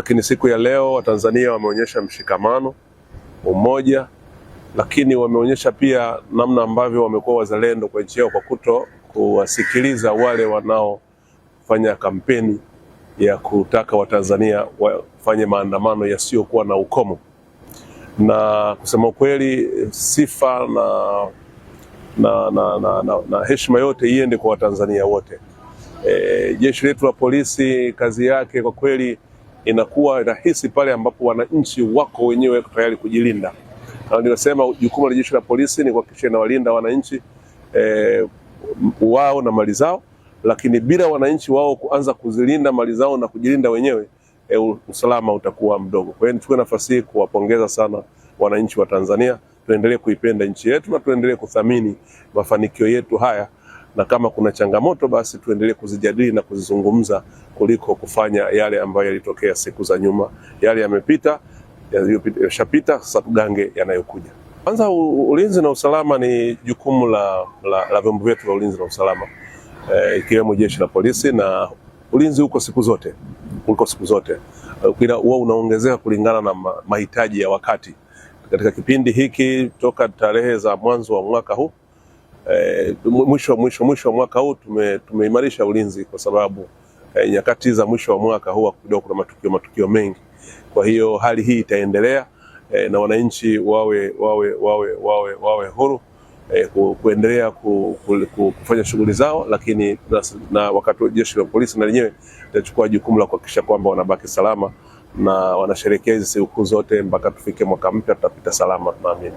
Lakini siku ya leo Watanzania wameonyesha mshikamano, umoja, lakini wameonyesha pia namna ambavyo wamekuwa wazalendo kwa nchi yao kwa kuto kuwasikiliza wale wanaofanya kampeni ya kutaka Watanzania wafanye maandamano yasiyokuwa na ukomo. Na kusema kweli, sifa na, na, na, na, na, na heshima yote iende kwa Watanzania wote. E, jeshi letu la polisi kazi yake kwa kweli inakuwa rahisi pale ambapo wananchi wako wenyewe tayari kujilinda. Na nimesema jukumu la jeshi la polisi ni kuhakikisha inawalinda wananchi e, wao na mali zao, lakini bila wananchi wao kuanza kuzilinda mali zao na kujilinda wenyewe e, usalama utakuwa mdogo. Kwa hiyo nichukue nafasi hii kuwapongeza sana wananchi wa Tanzania. Tuendelee kuipenda nchi yetu na tuendelee kuthamini mafanikio yetu haya na kama kuna changamoto basi tuendelee kuzijadili na kuzizungumza kuliko kufanya yale ambayo yalitokea siku za nyuma. Yale yamepita, yashapita, sasa tugange yanayokuja. Kwanza, ulinzi na usalama ni jukumu la, la, la vyombo vyetu vya ulinzi na usalama e, ikiwemo jeshi la polisi na ulinzi uko siku zote, uko siku zote huwa unaongezeka kulingana na mahitaji ya wakati. Katika kipindi hiki toka tarehe za mwanzo wa mwaka huu Eh, mwisho mwisho mwisho wa mwaka huu tume, tumeimarisha ulinzi kwa sababu eh, nyakati za mwisho wa mwaka huwa kidogo kuna matukio matukio mengi. Kwa hiyo hali hii itaendelea eh, na wananchi wawe, wawe, wawe, wawe, wawe huru eh, ku, kuendelea ku, ku, ku, kufanya shughuli zao, lakini na, na wakati jeshi la polisi na lenyewe litachukua jukumu la kuhakikisha kwamba wanabaki salama na wanasherehekea hizi sikukuu zote mpaka tufike mwaka mpya, tutapita salama tunaamini.